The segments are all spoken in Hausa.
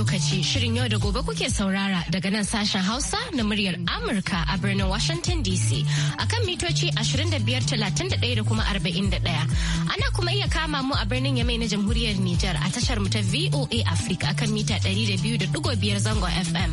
lokaci shirin yau da gobe kuke saurara daga nan sashen Hausa na muryar Amurka a birnin Washington DC akan mitoci 2531 da kuma 41. Ana kuma iya kama mu a birnin Yamai na Jamhuriyar Nijar a tashar mu ta VOA Africa akan mita 200.5 zango FM.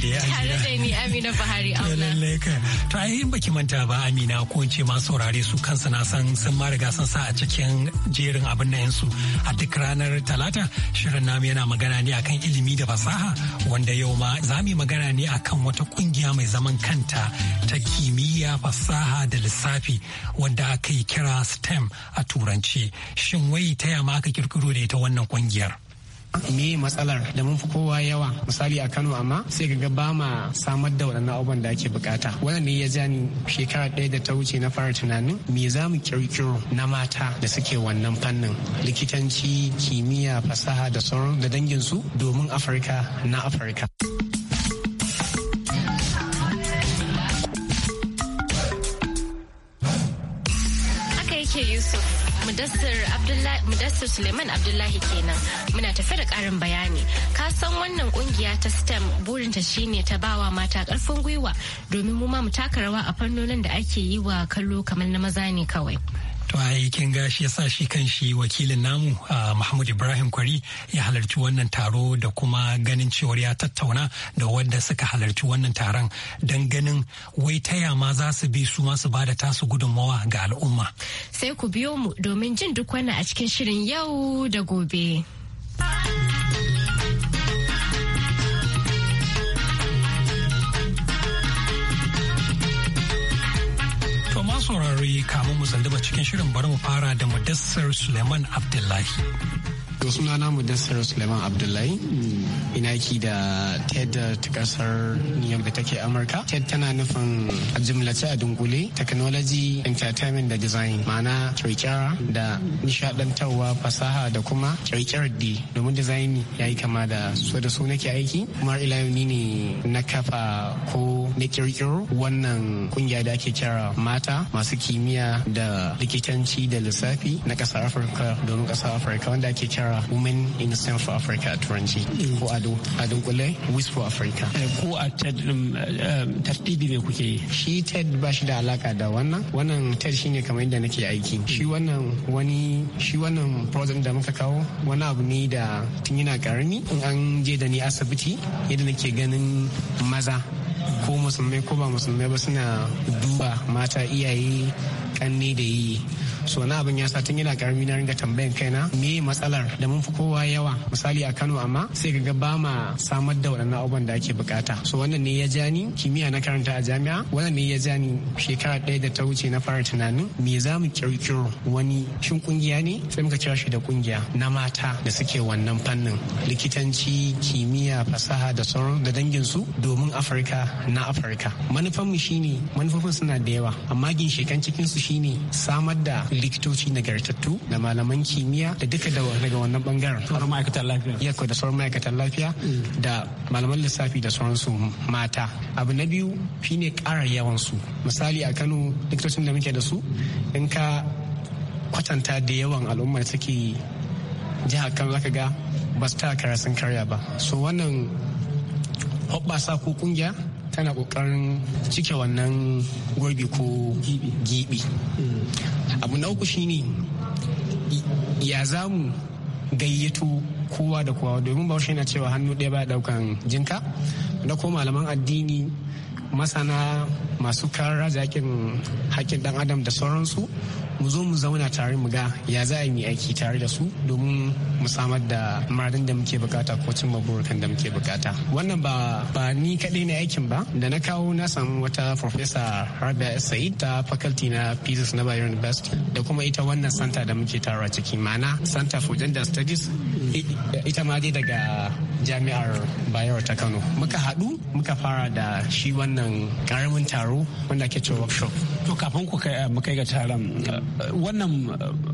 da ya Tare da ni Amina Buhari Auna. Lallai ka. To a baki manta ba Amina ko in ce ma saurare su kansu na san sun ma riga sun sa a cikin jerin abin na yansu a duk ranar Talata shirin namu yana magana ne akan ilimi da fasaha wanda yau ma za mu magana ne akan wata kungiya mai zaman kanta ta kimiyya fasaha da lissafi wanda aka yi kira STEM a turanci. Shin wai ta yama aka kirkiro da ita wannan kungiyar? me matsalar da mun fi kowa yawa misali a Kano amma sai ga ba ma samar da waɗannan abubuwan da ake bukata wannan ne ya ja ni shekara ɗaya da ta wuce na fara tunanin me za mu kirkiro na mata da suke wannan fannin likitanci kimiyya fasaha da sauran da dangin su domin Afirka na Afirka. Mudassir Suleiman Abdullahi kenan muna tafe da ƙarin bayani. Ka san wannan kungiya ta STEM burinta shine ta bawa mata karfin gwiwa domin mu ma mu taka rawa a fannonin da ake yi wa kallo kamar na maza ne kawai. To ai kin ga shi yasa shi kan shi wakilin namu Mahmud Ibrahim Kwari ya halarci wannan taro da kuma ganin cewar ya tattauna da wanda suka halarci wannan taron don ganin wai taya ma za su bi su masu bada tasu gudunmawa ga al'umma. Sai ku biyo mu domin jin duk wannan a cikin shirin yau da gobe. dai kamun mu zandaba cikin shirin bari mu fara da Mudassar Suleiman Abdullahi. To suna na Mudassir Suleiman Abdullahi ina ki da TED ta kasar Niyam da take Amurka. TED tana nufin a jimlace a dunkule technology, entertainment da design ma'ana kirkira da nishadantarwa fasaha da kuma kirkirar di domin design ya yi kama da su da su nake aiki kuma ila ne na kafa ko na kirkiro wannan kungiya da ake kira mata masu kimiyya da likitanci da lissafi na kasar Afirka domin kasar Afirka wanda ake kira kira women in central africa turanci ko ado a dunkule wish for africa ko eh, a ted tartibi ne kuke yi shi ted ba shi da alaka da wannan wannan ted shine kamar yadda nake aiki mm. shi wannan wani shi wannan program da muka kawo wani abu ne da tun yana karami in an je da ni asibiti yadda nake ganin maza ko musulmai ko ba musulmai ba suna duba mata iyaye kanne da yi so na abin ya sa tun yana karami na ringa tambayan kaina me matsalar da mun fi kowa yawa misali a Kano amma sai ka ga ba ma samar da waɗannan abubuwan da ake bukata so wannan ne ya ja ni kimiyya na karanta a jami'a wannan ne ya ja ni shekara ɗaya da ta wuce na fara tunanin me za mu kirkiro wani shin kungiya ne sai muka kira shi da kungiya na mata da suke wannan fannin likitanci kimiyya fasaha da sauran da danginsu domin afirka na afirka manufanmu shine manufofin suna da yawa amma ginshikan cikinsu shine samar da likitoci nagartattu da malaman kimiyya da duka daga wannan bangaren sauran ma'aikatan lafiya ya da sauran ma'aikatan lafiya da malaman lissafi da sauransu mata abu na biyu shine ƙara yawan su misali a Kano likitocin da muke da su in ka kwatanta da yawan al'ummar suke jihar Kano zaka ga ba su ta karasin karya ba so wannan hoɓɓasa ko kungiya kana kokarin cike wannan gurbi ko gibi abu na uku shine ya za mu gayyato kowa da kowa domin shi na cewa hannu ɗaya ba daukan jinka da ko malaman addini masana masu karar zakin hakkin dan adam da sauransu mu zo mu zauna tare mu ga ya za a yi aiki tare da su domin mu samar da maradin da muke bukata ko cimma burukan da muke bukata wannan ba ba ni kaɗai na aikin ba da na kawo na samu wata professor Rabia Said ta faculty na physics na Bayero University da kuma ita wannan santa da muke tara ciki mana Center for Gender Studies ita ma dai daga jami'ar Bayero ta Kano muka haɗu muka fara da shi wannan karamin taro taro wanda ake cewa workshop to kafin ku kai ga taron wannan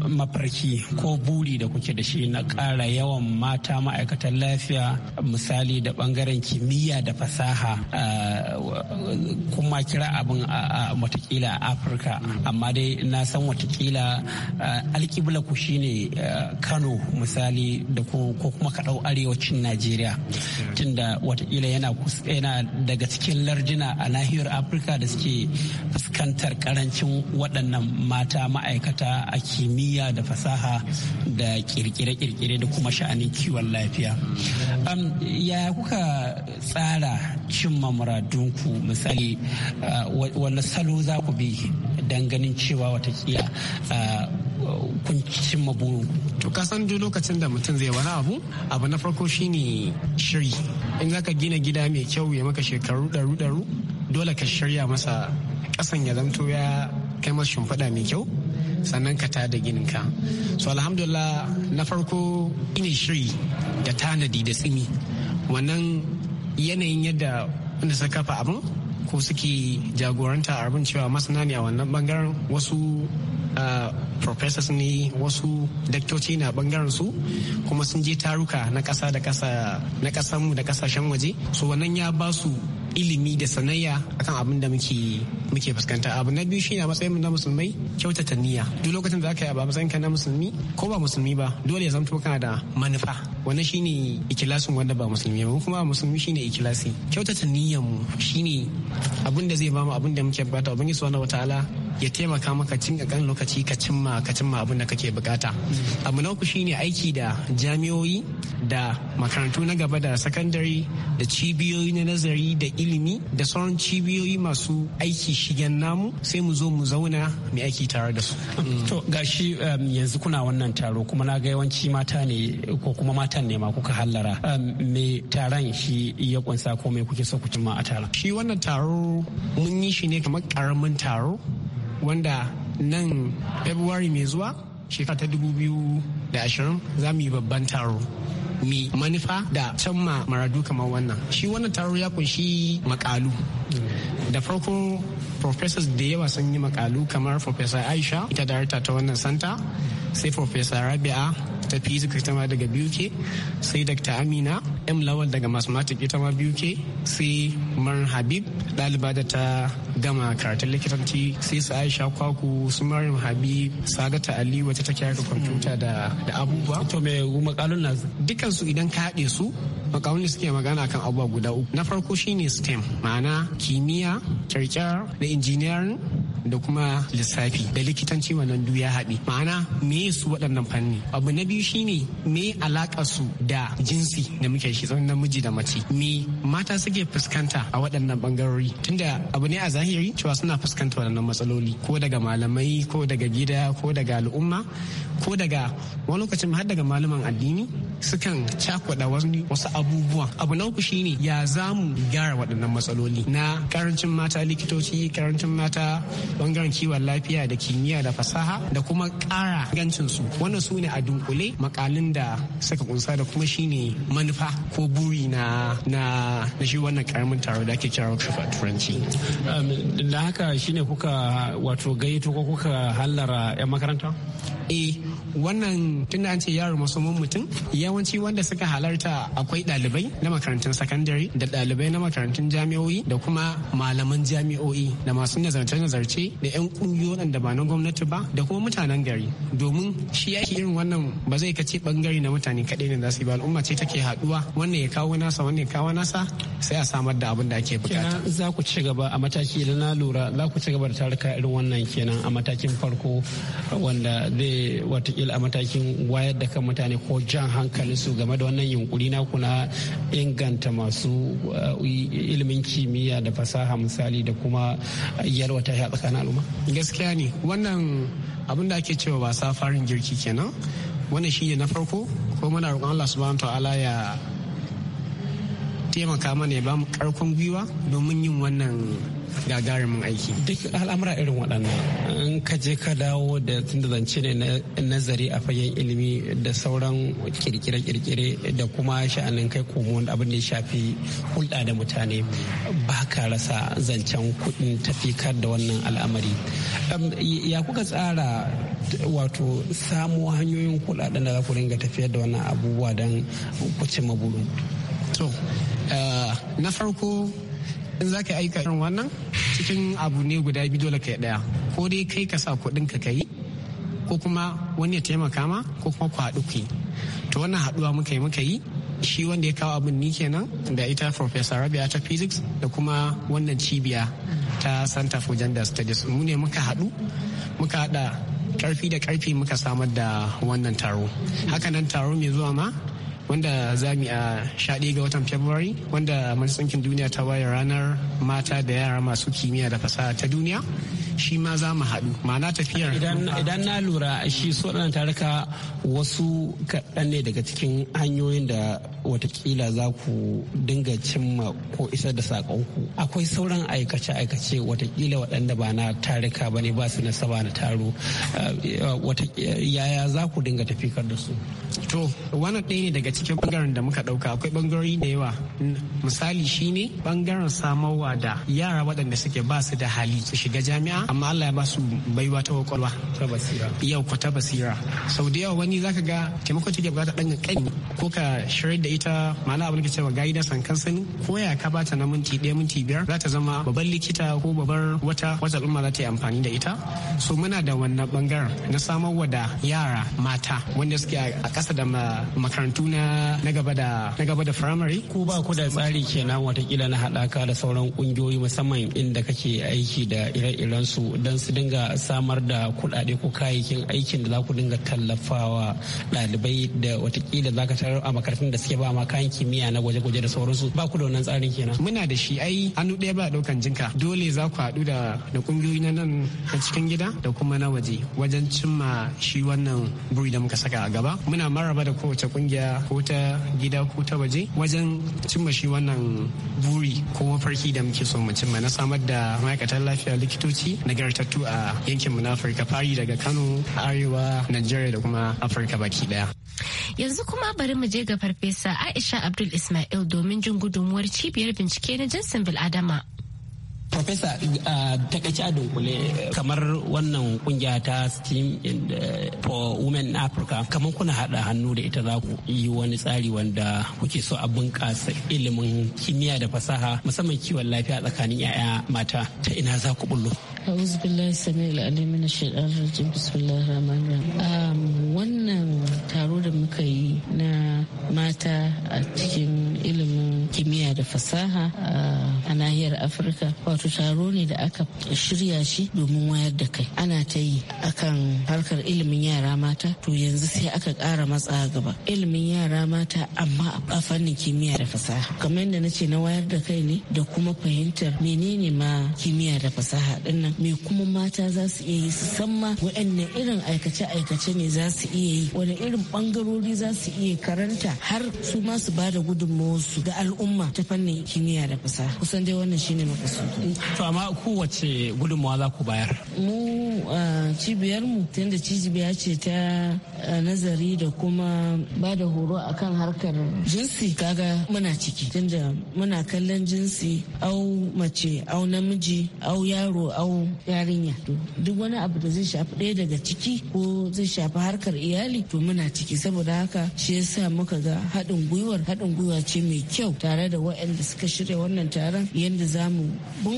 mafarki ko buri da kuke da shi na ƙara yawan mata ma'aikatan lafiya misali da bangaren kimiyya da fasaha kuma kira abin a watakila a afirka amma dai na san watakila alkibla ku shine kano misali da ko kuma kaɗau arewacin najeriya tunda watakila yana daga cikin lardina a nahiyar afirka da da suke fuskantar karancin waɗannan mata ma'aikata a kimiyya da fasaha da kirkire-kirkire da kuma sha'anin kiwon lafiya ya kuka tsara cimma muradunku misali wani salo za ku bi don ganin cewa watakila kun cimma burin to ka san duk lokacin da mutum zai wani abu abu na farko shine shiri in zaka gina gida mai kyau ya maka shekaru daru daru dole ka shirya masa kasan ya zanto ya kai masa shimfiɗa mai kyau sannan ka ta da ginin ka so alhamdulillah na farko ina shiri da tanadi da tsimi wannan yanayin yadda wanda suka kafa abin ko suke jagoranta abin cewa masana ne a wannan bangaren wasu ah, professors ne wasu daktoci na bangaren su kuma sun je taruka na kasa da kasa na kasanmu da kasashen waje so wannan ya ba su ilimi da sanayya akan abin da muke muke fuskanta abu na biyu shine a matsayin mu na musulmai kyautata niyya duk lokacin da aka yi ba matsayin ka na musulmi ko ba musulmi ba dole ya zamto kana da manufa wannan shine ikilasin wanda ba musulmi ba kuma musulmi shine ikilasi kyautata niyyar mu shine abin da zai bamu abin da muke bukata ubangiji subhanahu wataala ya taimaka maka cin kan lokaci ka cimma ka cimma abin da kake bukata abu na uku shine aiki da jami'oyi da makarantu na gaba da sakandare da cibiyoyi na nazari da ilimi da sauran cibiyoyi masu aiki shigen namu sai mu zo mu zauna mai aiki tare da su. To gashi um, yanzu kuna wannan taro kuma na ga yawanci mata ne ko kuma matan ne ma kuka hallara um, me taron shi ya kunsa ko me kuke so ku cimma a taron. Shi wannan taro mun yi shi ne kamar karamin taro wanda nan February mai zuwa shekara ta 2020 za mu yi babban taro mi manufa da ma maradu kamar wannan shi wannan taro ya kunshi makalu da farko professors da yawa sun yi makalu kamar professor aisha ita harta ta wannan santa sai professor rabi'a ta physics ta ma daga ke sai dr amina m lawal daga mathematics ita ma biyu ke sai mar habib ɗaliba da ta gama karatun likitanci sai su aisha kwaku su maryam habib sagata ali wata ta kyara kwamfuta da abubuwa to me makalun na dukkan su idan ka haɗe su makalun suke magana kan abubuwa guda uku na farko shine stem ma'ana kimiyya kyarkyar da injiniyarin da kuma lissafi da likitanci wannan du ya haɗe ma'ana me su waɗannan fanni abu na biyu shine me alaƙa su da jinsi da muke ke namiji da mace me mata suke fuskanta a waɗannan bangarori tunda abu ne a zahiri cewa suna fuskanta waɗannan matsaloli ko daga malamai ko daga gida ko daga al'umma ko daga wani lokacin har daga malaman addini sukan cakwada wasu abubuwa abu na uku shine ya za mu gyara waɗannan matsaloli na karancin mata likitoci karancin mata bangaren kiwon lafiya da kimiyya da fasaha da kuma ƙara gancinsu wannan su ne a dunkule makalin da suka kunsa da kuma shine manufa ko buri na na shi wannan karamin taro da ake kira workshop a turanci. Um, da haka shine kuka wato gayyato ko kuka hallara 'yan makaranta? E, wannan tun da an ce yaro mun mutum yawanci wanda suka halarta akwai ɗalibai na makarantun sakandare da ɗalibai na makarantun jami'o'i da kuma malaman jami'o'i da masu nazarce-nazarce da 'yan ƙungiyoyin da ba na gwamnati ba da kuma mutanen gari domin shi yaki irin wannan ba zai kace bangare na mutane kaɗai ne za su yi ba al'umma ce take haɗuwa wannan ya kawo nasa wannan ya kawo nasa sai a samar da abin da ake bukata za ku ci gaba a mataki da na lura za ku ci gaba da taruka irin wannan kenan a matakin farko wanda zai watakila a matakin wayar da kan mutane ko jan hankalin su game da wannan yunkuri na kuna inganta masu uh, ilimin kimiyya da fasaha misali da kuma yalwata ya tsakanin al'umma gaskiya ne wannan abin da ake cewa ba safarin girki kenan wannan shi ne na farko ko muna roƙon Allah subhanahu ta'ala ya taimaka mana ya ba mu karfin gwiwa domin yin wannan gagarumin aiki duk al'amura irin waɗannan in ka je ka dawo da tunda zance ne na nazari a fagen ilimi da sauran kirkire-kirkire da kuma sha'anin kai komo abin da ya shafi hulɗa da mutane ba ka rasa zancen kuɗin tafikar da wannan al'amari ya kuka tsara wato samo hanyoyin kuɗaɗen da za ku ringa tafiyar da wannan abubuwa don ku cimma burin to eh, na farko in za ka aika irin wannan cikin abu ne guda biyu dole ka daya ko dai kai ka sa kuɗin ka yi ko kuma wani ya taimaka ma ko kuma ku haɗu kai to wannan haɗuwa muka yi muka yi shi wanda ya kawo abin ni kenan da ita professor rabia ta physics da kuma wannan cibiya ta center for gender studies mu ne muka haɗu muka haɗa karfi da karfi muka samar da wannan taro hakanan taro mai zuwa ma wanda za mu a shaɗe ga watan February wanda Majalisar Duniya ta waye ranar mata da yara masu kimiyya da fasaha ta duniya. shi ma za mu haɗu ma'ana tafiyar idan na lura shi waɗannan tarika wasu kaɗan ne daga cikin hanyoyin da watakila za ku dinga cimma ko isar da saƙonku akwai sauran aikace-aikace watakila waɗanda ba na tarika ba ne ba su nasaba na taro eh, yaya za ku dinga tafikar da su to wannan ɗaya ne daga cikin ɓangaren da muka ɗauka akwai ɓangarori da yawa misali shine ɓangaren samarwa da yara waɗanda suke ba su da hali su shiga jami'a amma Allah ya ba su baiwa ta kwakwalwa yau ko ta basira sau da yawa wani zaka ga taimakon take bukata dan kai ko ka shirye da ita ma'ana abin da cewa gaida san kan ko ya ka bata na minti ɗaya minti biyar za ta zama babban likita ko babar wata wata al'umma za ta yi amfani da ita so muna da wannan bangaren na samar wa da yara mata wanda suke a ƙasa da makarantu na gaba da na gaba da firamare ko ba ku da tsari kenan watakila na haɗaka da sauran ƙungiyoyi musamman inda kake aiki da ire-iren su don su dinga samar da kuɗaɗe ko kayayyakin aikin da za ku dinga tallafawa ɗalibai da watakila za ka tarar a makarantun da suke ba ma kayan kimiyya na gwaje-gwaje da sauransu ba ku da wannan tsarin kenan. Muna da shi ai hannu ɗaya ba ɗaukan jinka dole za ku haɗu da da ƙungiyoyi na nan na cikin gida da kuma na waje wajen cimma shi wannan buri da muka saka a gaba. Muna maraba da kowace kungiya ko ta gida ko ta waje wajen cimma shi wannan buri ko mafarki da muke so mu cimma na samar da ma'aikatan lafiya likitoci nagartattu a yankin na afirka fari daga kano arewa nigeria da kuma afirka baki daya yanzu kuma bari mu je ga farfesa aisha abdul ismail domin jin gudunmuwar cibiyar bincike na jinsin bil'adama Profesa uh, takaice a dunkule eh, kamar wannan kungiya ta Steam eh, for Women in Africa kamar kuna haɗa hannu da ita za ku yi wani tsari wanda kuke so a bunƙasa ilimin kimiyya da fasaha musamman kiwon lafiya tsakanin 'ya'ya mata ta ina za ku bullo. أعوذ بالله السميع العليم من الشيطان الرجيم بسم wannan taro da muka yi na mata a cikin ilimin kimiyya da fasaha uh, a nahiyar Afirka wato wato taro ne da aka shirya shi domin wayar da kai ana ta yi akan harkar ilimin yara mata to yanzu sai aka kara matsa gaba ilimin yara mata amma a fannin kimiyya da fasaha kamar yadda na ce na wayar da kai ne da kuma fahimtar menene ma kimiyya da fasaha din nan me kuma mata za su iya yi su san ma waɗanne irin aikace-aikace ne za su iya yi wani irin bangarori za su iya karanta har su ma su ba da gudunmawarsu ga al'umma ta fannin kimiyya da fasaha kusan dai wannan shine mafi to amma kowace gudunmawa za ku bayar mu cibiyar mu tunda cibiya ce ta nazari da kuma ba da horo a kan harkar jinsi kaga muna ciki tunda muna kallon jinsi au mace au namiji au yaro au yarinya duk wani abu da zai shafi ɗaya daga ciki ko zai shafi harkar iyali to muna ciki saboda haka shi yasa muka ga haɗin gwiwar haɗin gwiwa ce mai kyau tare da waɗanda suka shirya wannan taron yadda za mu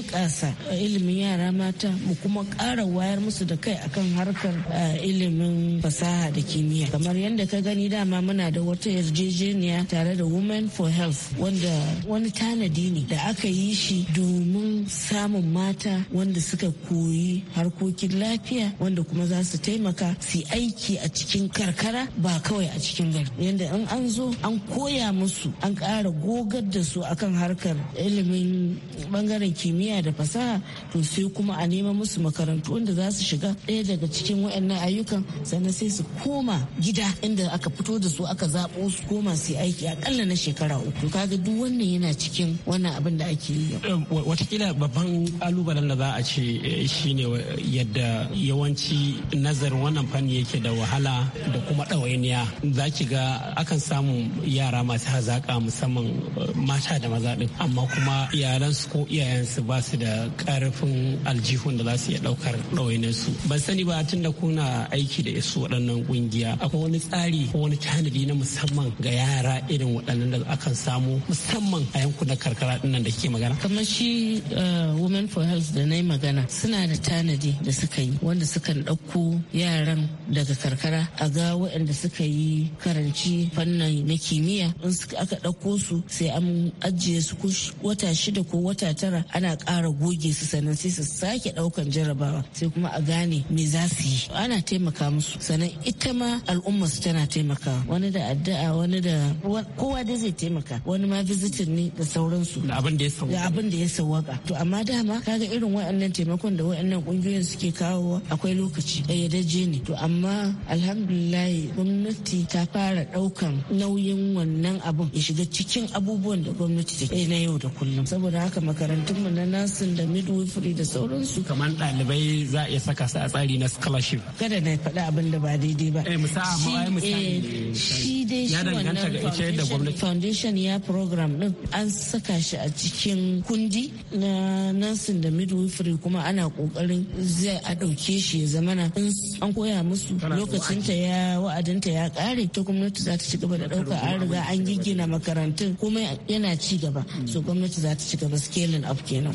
bunƙasa ilimin yara mata mu kuma ƙara wayar musu da kai akan harkar ilimin fasaha da kimiyya kamar yadda ka gani dama muna da wata yarjejeniya tare da women for health wanda wani tanadi ne da aka yi shi domin samun mata wanda suka koyi harkokin lafiya wanda kuma za su taimaka su aiki a cikin karkara ba kawai a cikin gari yadda in an zo an koya musu an ƙara gogar da su akan harkar ilimin bangaren kimiyya kimiyya da fasaha to sai kuma a nema musu makarantu da za su shiga ɗaya daga cikin waɗannan ayyukan sannan sai su koma gida inda aka fito da su aka zaɓo su koma su aiki akalla na shekara uku kaga duk wannan yana cikin wannan abin da ake yi watakila babban kalubalen da za a ce eh, shine yadda yawanci nazarin wannan fanni yake da wahala da kuma ɗawainiya za ki ga akan samu yara masu hazaƙa musamman eh, mata da maza ɗin amma kuma iyalansu ko iyayensu ba su da karfin aljihun da za su iya daukar ɗawainarsu su ban sani ba tun da kuna aiki da isu waɗannan kungiya akwai wani tsari ko wani tanadi na musamman ga yara irin waɗannan da akan samu musamman a yankunan karkara dinnan da ke magana kamar shi uh, women for health da na yi magana suna da tanadi da suka yi wanda sukan ɗauko yaran daga karkara a ga waɗanda suka yi karanci fannin na kimiyya in aka ɗauko su sai an ajiye su wata shida ko wata tara ana kara goge su sannan sai su sake ɗaukan jarabawa sai kuma a gane me za su yi ana taimaka musu sannan ita ma al'umma su tana taimakawa wani da addu'a wani da kowa dai zai taimaka wani ma visitin ne da sauransu da abin da ya sauwaka abin da ya sauwaka to amma dama kaga irin wa'annan taimakon da wa'annan kungiyoyin suke kawowa akwai lokaci ƙayyadajje ne to amma alhamdulillah gwamnati ta fara ɗaukan nauyin wannan abun ya shiga cikin abubuwan da gwamnati take na yau da kullum saboda haka makarantun mu na nursing da midwifery da sauransu kamar ɗalibai za a iya saka su a tsari na scholarship kada na faɗi abin da ba daidai ba shi dai shi wannan foundation ya program ɗin an saka shi a cikin kundi na nursing da midwifery kuma ana kokarin zai a ɗauke shi ya zama zamana an koya musu lokacinta ya wa'adinta ya ƙare ta gwamnati za ta ci gaba da ɗauka an riga an gina makarantun komai yana ci gaba so gwamnati za ta ci gaba scaling up kenan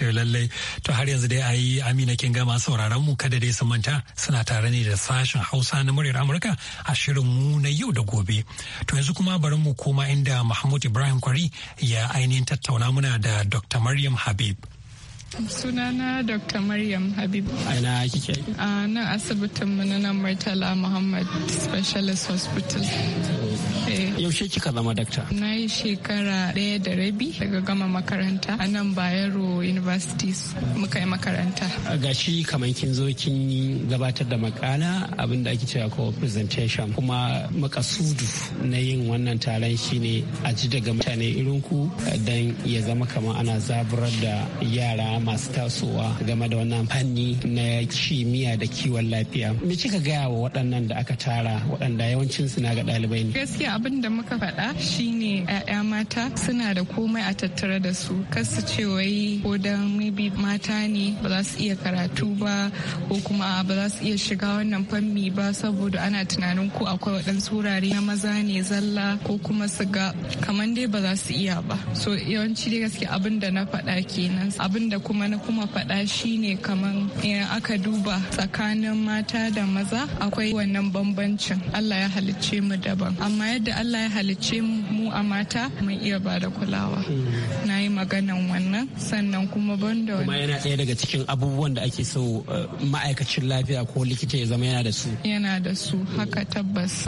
to lallai to har yanzu dai ayi amina kin gama sauraron mu kada dai su manta suna tare ne da sashen hausa na muryar amurka a shirin mu na yau da gobe to yanzu kuma bari mu koma inda mahmud ibrahim kwari ya ainihin tattauna muna da dr maryam habib sunana dr maryam habib aina kike a nan asibitin mu na murtala muhammad specialist hospital Eh, yaushe kika zama dakta? Na yi shekara ɗaya da rabi daga gama makaranta a nan Bayero University muka yi makaranta. Gashi kamar kin zo kin gabatar da makala abinda da ake cewa ko presentation kuma makasudu na yin wannan taron shine a ji daga mutane irin ku dan ya zama kamar ana zaburar da yara masu tasowa game da wannan fanni na kimiyya da kiwon lafiya. Me kika gaya wa waɗannan da aka tara waɗanda yawancin su na ga ɗalibai ne? Gaskiya abin da muka faɗa shine 'ya'ya mata suna da komai a tattara da su kasu ce wai ko da maybe mata ne ba za su iya karatu ba ko kuma ba za su iya shiga wannan fanni ba saboda ana tunanin ko akwai waɗansu wurare na maza ne zalla ko kuma su ga kamar dai ba za su iya ba so yawanci dai gaske abin da na faɗa kenan abin da kuma na kuma faɗa shine kamar idan aka duba tsakanin mata da maza akwai wannan bambancin Allah ya halicce mu daban amma yadda Allah ya halicce mu a mata mun iya ba da kulawa hmm. na yi maganan wannan sannan kuma ban da kuma yana ɗaya daga cikin abubuwan da ake so uh, ma'aikacin lafiya ko likita ya zama yana da su yana da su haka tabbas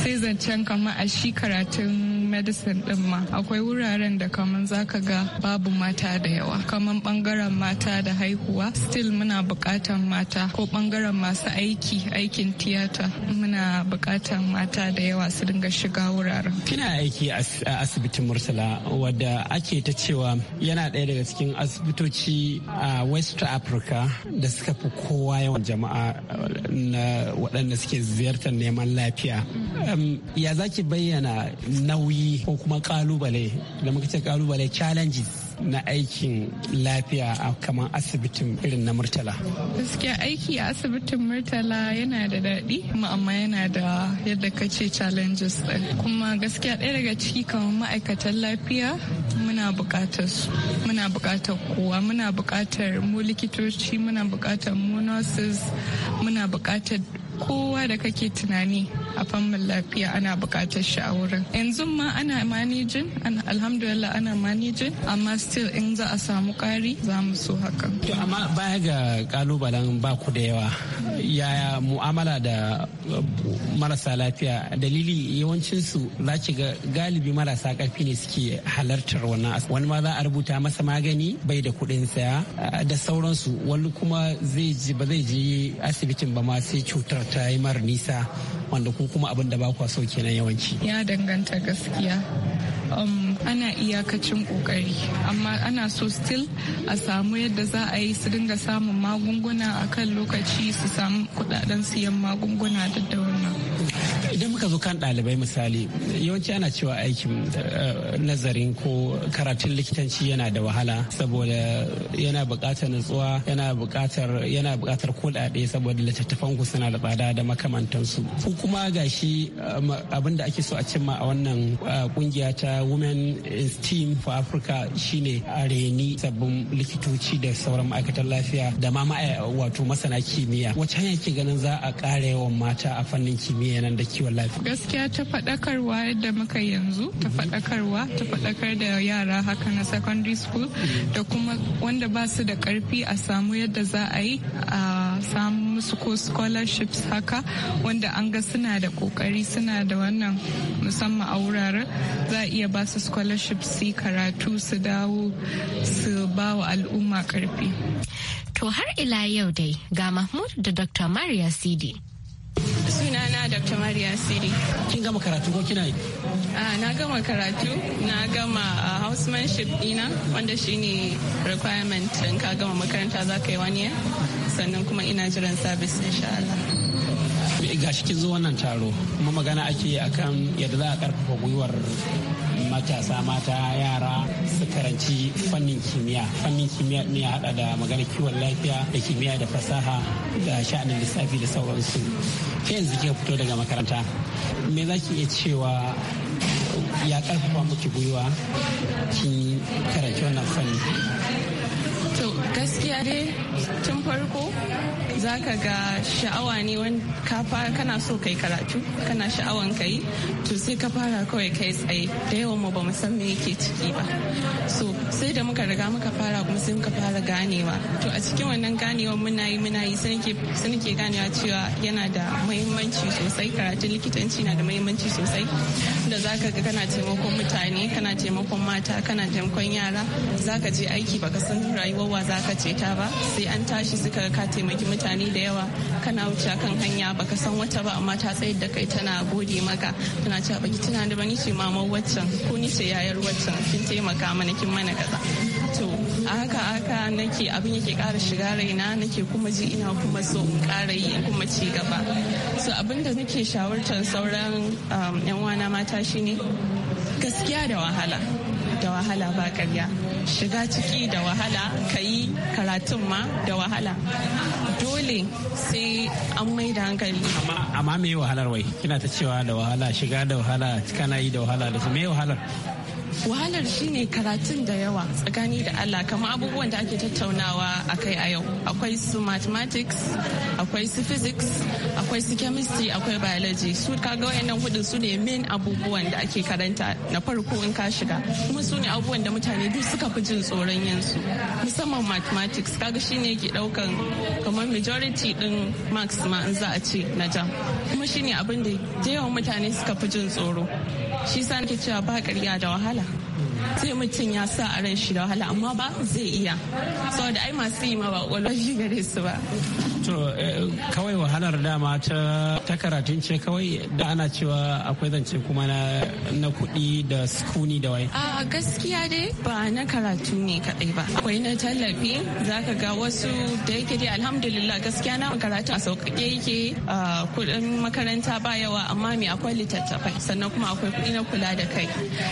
sai zancen kama a shi karatun medicine din ma akwai wuraren da kaman zaka ga babu mata da yawa kaman bangaren mata da haihuwa still muna bukatan mata ko bangaren masu aiki aikin tiyata muna bukatan mata da yawa su dinga shiga wuraren kina aiki a asibitin mursala wadda ake ta cewa yana ɗaya daga cikin asibitoci a west africa da suka fi kowa yawan jama'a na waɗanda suke ziyartar neman lafiya ya zaki bayyana nauyi matsaloli ko kuma kalubale da muka ce kalubale challenges na aikin lafiya a kamar asibitin irin na murtala gaskiya aiki a asibitin murtala yana da daɗi kuma amma yana da yadda ka ce challenges ɗin kuma gaskiya ɗaya daga ciki kamar ma'aikatan lafiya muna buƙatar su muna buƙatar kowa muna buƙatar mu likitoci muna buƙatar mu nurses muna buƙatar kowa da kake tunani a fannin lafiya ana bukatar shi a wurin yanzu ma ana manijin alhamdulillah ana manijin amma still in za a samu kari za mu so haka to amma baya ga kalubalen ba ku da yawa yaya mu'amala da uh, marasa lafiya dalili yawancinsu za ki ga galibi marasa karfi ne suke halartar wannan wani ma za a rubuta masa magani bai da kuɗin saya uh, da sauransu wani kuma zai ji ba zai je asibitin ba ma sai cutar ta yi mara nisa wanda ku kuma abin da ba kwa so kenan yawanci ya danganta gaskiya um, ana iyakacin kokari amma ana so still a samu yadda za a yi su dinga samun magunguna akan lokaci su samu kudaden siyan magunguna da wannan idan muka zo kan ɗalibai misali yawanci ana cewa aikin eh, nazarin ko karatun likitanci yana da wahala saboda yana buƙatar nutsuwa yana buƙatar yana buƙatar kuɗaɗe saboda littattafan ku suna da tsada da makamantansu ku kuma gashi eh, abin da ake so a cimma a wannan kungiya eh, ta women in steam for africa shine a reni sabbin likitoci da sauran ma'aikatan lafiya da ma wato masana kimiyya wacce hanya ke ganin za a ƙara yawan mata a fannin kimiyya nan da kiwon kiwon Gaskiya ta faɗakarwa yadda muka yanzu ta faɗakarwa ta faɗakar da yara haka na secondary school da kuma wanda ba su da ƙarfi a samu yadda za a yi a samu musu ko scholarships haka wanda an ga suna da ƙoƙari suna da wannan musamman a wuraren za a iya ba su scholarships su karatu su dawo su ba wa al'umma ƙarfi. To har ila yau dai ga Mahmud da Dr. Maria Sidi sunana Dr. Maria Siri. Kin gama karatu ko kina yi? Ah, na gama karatu, na gama ah, housemanship dina wanda shine requirement in ka gama makaranta za ka yi wani sannan kuma ina jiran service insha Allah. gashi kin zo wannan taro kuma magana ake akan yadda za a karfafa gwiwar matasa mata yara su karanci fannin kimiyya fannin kimiyya ne ya hada da magana kiwon lafiya da kimiyya da fasaha da sha'anin lissafi da sauransu ke yanzu kika fito daga makaranta me za ki iya cewa ya karfafa muke gwiwa ki karanci wannan fanni to gaskiya dai tun farko za ka ga sha'awa ne kana so kai karatu kana sha'awan kai to sai ka fara kawai kai tsaye da yawan mu ba mu san me yake ciki ba so sai da muka riga muka fara kuma sai muka fara ganewa to a cikin wannan ganewa muna yi muna yi sai nake ganewa cewa yana da muhimmanci sosai karatun likitanci na da muhimmanci sosai da ka ga kana taimakon mutane kana taimakon mata kana taimakon yara za ka je aiki baka san rayuwar wa ka ce ta ba sai an tashi suka ka taimaki mutane mutane da yawa kana wuce kan hanya baka san wata ba amma ta tsayar da kai tana gode maka tana cewa baki tana ba ni ce mamar waccan ko ni ce yayar waccan kin taimaka mana kin mana kaza to a haka haka nake abin yake kara shiga raina nake kuma ji ina kuma so in kara yi in kuma ci gaba so abin da nake shawartar sauran yan um, wana mata shine gaskiya da wahala da wahala ba karya shiga ciki da wahala ka yi karatun ma da wahala dole sai an mai da hankali amma me wahalar wai kina ta cewa da wahala shiga da wahala kana yi da wahala da su me wahalar wahalar shine karatun da yawa tsakani da allah kamar abubuwan da ake tattaunawa a kai a yau akwai su mathematics akwai su physics akwai su chemistry akwai biology su kaga wayannan hudu su ne main abubuwan da ake karanta na farko in ka shiga kuma su ne abubuwan da mutane duk suka fi jin tsoron yansu musamman mathematics kaga shine ke daukan kamar majority din marks ma in za a ce na jam kuma shine abin da yawan mutane suka fi jin tsoro shi sa nake cewa ba ƙarya da wahala sai mutum ya sa a ran shi da wahala amma ba zai iya saboda ai masu yi ma ba ƙwaƙwalwa gare su ba to eh, kawai wahalar dama ta ta karatun ce kawai da ana cewa akwai zance kuma na na kuɗi da sukuni da wai a gaskiya dai ba na karatu ne kadai ba akwai na tallafi zaka ga wasu da yake dai alhamdulillah gaskiya na karatu a sauƙaƙe yake kuɗin makaranta ba yawa amma me akwai littattafai sannan kuma akwai kuɗi na kula da kai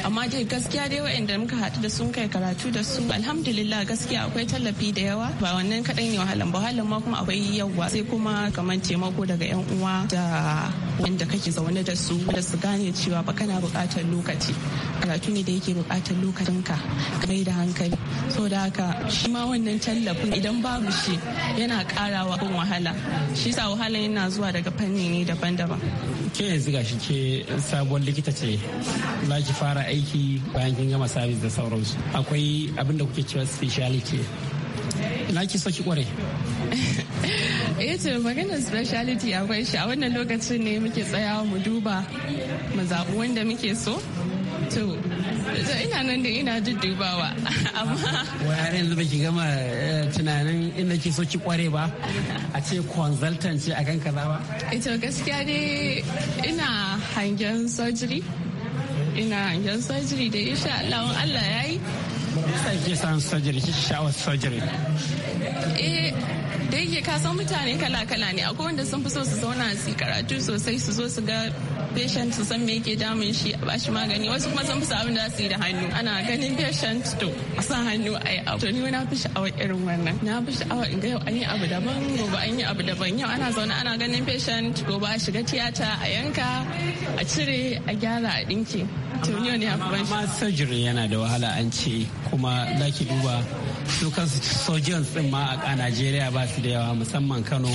amma dai gaskiya dai waɗanda muka haɗu da sun kai karatu da su alhamdulillah gaskiya akwai tallafi da yawa ba wannan kadai ne wahalan ba wahalan ma kuma akwai yawa yawwa sai kuma kamar taimako daga yan uwa da wanda kake zaune da su da su gane cewa ba kana buƙatar lokaci karatu ne da yake buƙatar lokacinka ka mai da hankali so da haka shi ma wannan tallafin idan babu shi yana karawa kan wahala shi sa wahala yana zuwa daga fanni ne daban-daban ke yanzu shi ke sabuwar likita ce za ki fara aiki bayan kin gama sabis da sauransu akwai abin da kuke cewa speciality na ki saki kwarai. eh to maganar speciality akwai shi a wannan lokacin ne muke tsayawa mu duba mu zaɓi wanda muke so to ina nan da ina dudubawa amma wayar yanzu baki gama eh, tunanin inda ke so ki kware ba a ce consultant ce akan kaza ba Eh to gaskiya dai ina hangen surgery ina yan surgery da insha Allah Allah yi. yasa ke san surgery kike sha'awar surgery eh da yake ka san mutane kala kala ne akwai wanda sun fi so su zauna su karatu sosai su zo su ga patient su san me yake damun shi a bashi magani wasu kuma sun fi abin da su yi da hannu ana ganin patient to a san hannu a yi abu to ni na fi sha'awar irin wannan na fi sha'awar in ga yau an yi abu daban gobe an yi abu daban yau ana zaune ana ganin patient gobe a shiga tiyata a yanka a cire a gyara a dinki amma surgery yana da wahala an ce kuma za ki duba su kansu surgeons din ma a najeriya ba su da yawa musamman kano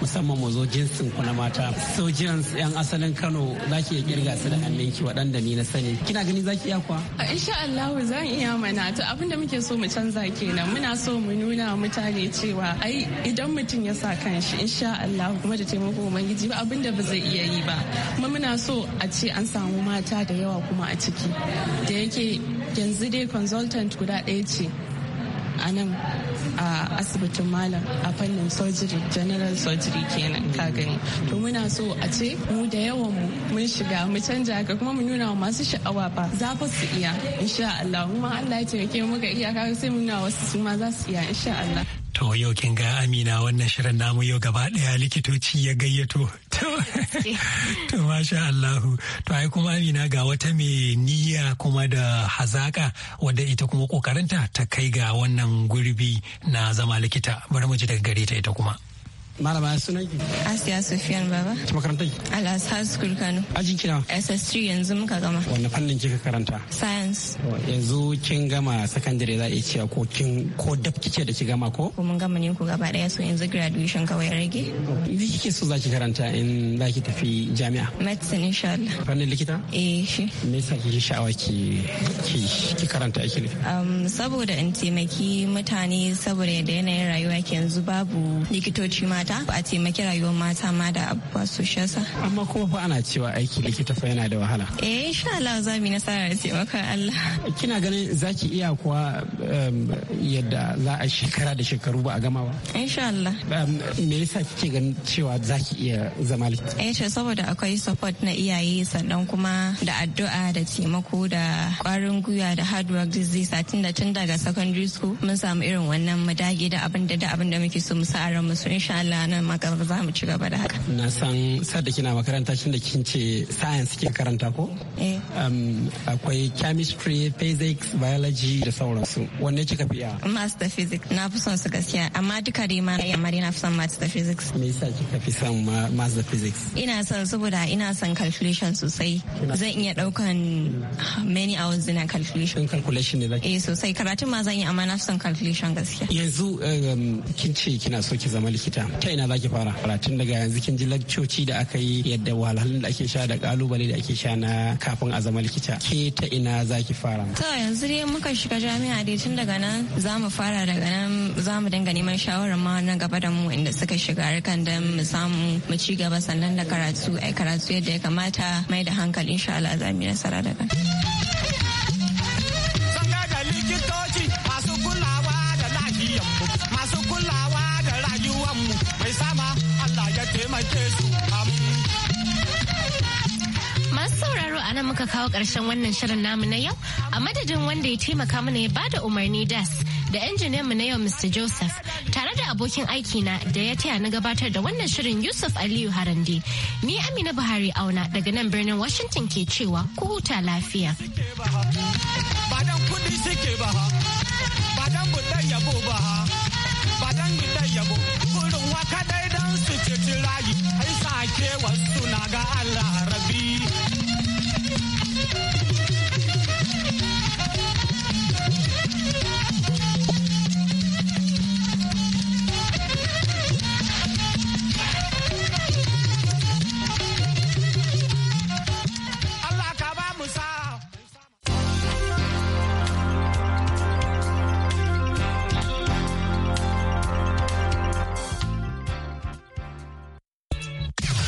musamman mu zo jinsin ku na mata surgeons yan asalin kano za ki kirga su da hannunki waɗanda ni na sani kina gani za ki iya kuwa insha Allah zan iya mana to abin da muke so mu canza kenan muna so mu nuna mutane cewa ai idan mutum ya sa kanshi insha Allah kuma da taimako ubangiji ba abin da ba zai iya yi ba kuma muna so a ce an samu mata da yawa kuma a ciki da yake yanzu dai consultant guda ɗaya ce a nan a asibitin malam a fannin surgery general surgery kenan ka gani to muna so a ce mu da yawan mu mun shiga mu canja ka kuma mu nuna wa masu sha'awa ba za fa su iya insha Allah mu Allah ya taimake mu ga iya kaga sai mu nuna wasu su ma za su iya insha Allah To yau kin ga Amina wannan shirin namu yau gaba daya likitoci ya gayyato To masha Allahu. To ai kuma Amina ga wata mai niyya kuma da hazaka wadda ita kuma kokarinta ta kai ga wannan gurbi na zama likita bari mu ji daga gare ta ita kuma. Malama ya suna ki? Asiya Sufiyan Baba. Ki makaranta ki? Al-Azhar School Kano. Aji kina? SS3 yanzu muka gama. Wanne fannin kika karanta? Science. Yanzu kin gama secondary za a cewa ko kin ko dab kike da ki gama ko? Ko mun gama ne ko gaba daya so yanzu graduation kawai rage. Me kike so za ki karanta in za ki tafi jami'a? Medicine insha Allah. Fannin likita? Eh shi. Me yasa kike sha'awa ki ki karanta aiki ne? Um, saboda in taimaki mutane saboda yadda yanayin rayuwa ke yanzu babu likitoci ma mata ba a taimaki rayuwar mata ma da abubuwa su shasa. Amma kuma fa ana cewa aiki likita fa yana da wahala. Eh insha Allah za mu nasara da taimakon Allah. Kina ganin za ki iya kuwa yadda za a shekara da shekaru ba a gama ba? Insha Allah. Me yasa kike ganin cewa za ki iya zama likita? Eh saboda akwai support na iyaye sannan kuma da addu'a da taimako da kwarin gwiwa da hard work zai tun da tun daga secondary school mun samu irin wannan mu dage da abin da da abin da muke so mu sa a ran mu insha Allah muna nan makarantar za mu ci gaba da haka. Na san sadda kina makaranta shi da kin ce science kika karanta ko? Eh. akwai chemistry, physics, biology da sauransu. Wanne kika fi ya? Master physics. Na fi son su gaskiya amma duka dai ma ya mari na fi son master physics. Me yasa kika fi son master physics? Ina son saboda ina son calculation sosai. Zan iya daukan many hours ina calculation. calculation ne zaki? Eh sosai karatun ma zan yi amma na fi son calculation gaskiya. Yanzu um, kin ce kina so ki zama likita. ta ina zaki fara karatun daga yanzu kin ji lakcoci da aka yi yadda wahalhalun da ake sha da kalubale da ake sha na kafin a zama likita ke ta ina zaki fara to yanzu dai muka shiga jami'a dai tun daga nan za mu fara daga nan za mu dinga neman shawarar ma na gaba da mu inda suka shiga harkan da mu samu mu ci gaba sannan da karatu ai karatu yadda ya kamata mai da hankali insha Allah za mu yi nasara daga Masu sauraro a nan muka kawo ƙarshen wannan shirin namu na yau a madadin wanda ya taimaka mana ya bada umarni das da injiniyanmu na yau Mr. Joseph tare da abokin aiki na da ya taya na gabatar da wannan shirin Yusuf Aliyu Harande. Ni Amina Buhari auna daga nan birnin Washington ke cewa ku huta lafiya. Ba ba ba ba ba ba ba ba ba ba ba ba ba jirayi ai sake wasu na ga Allah rabi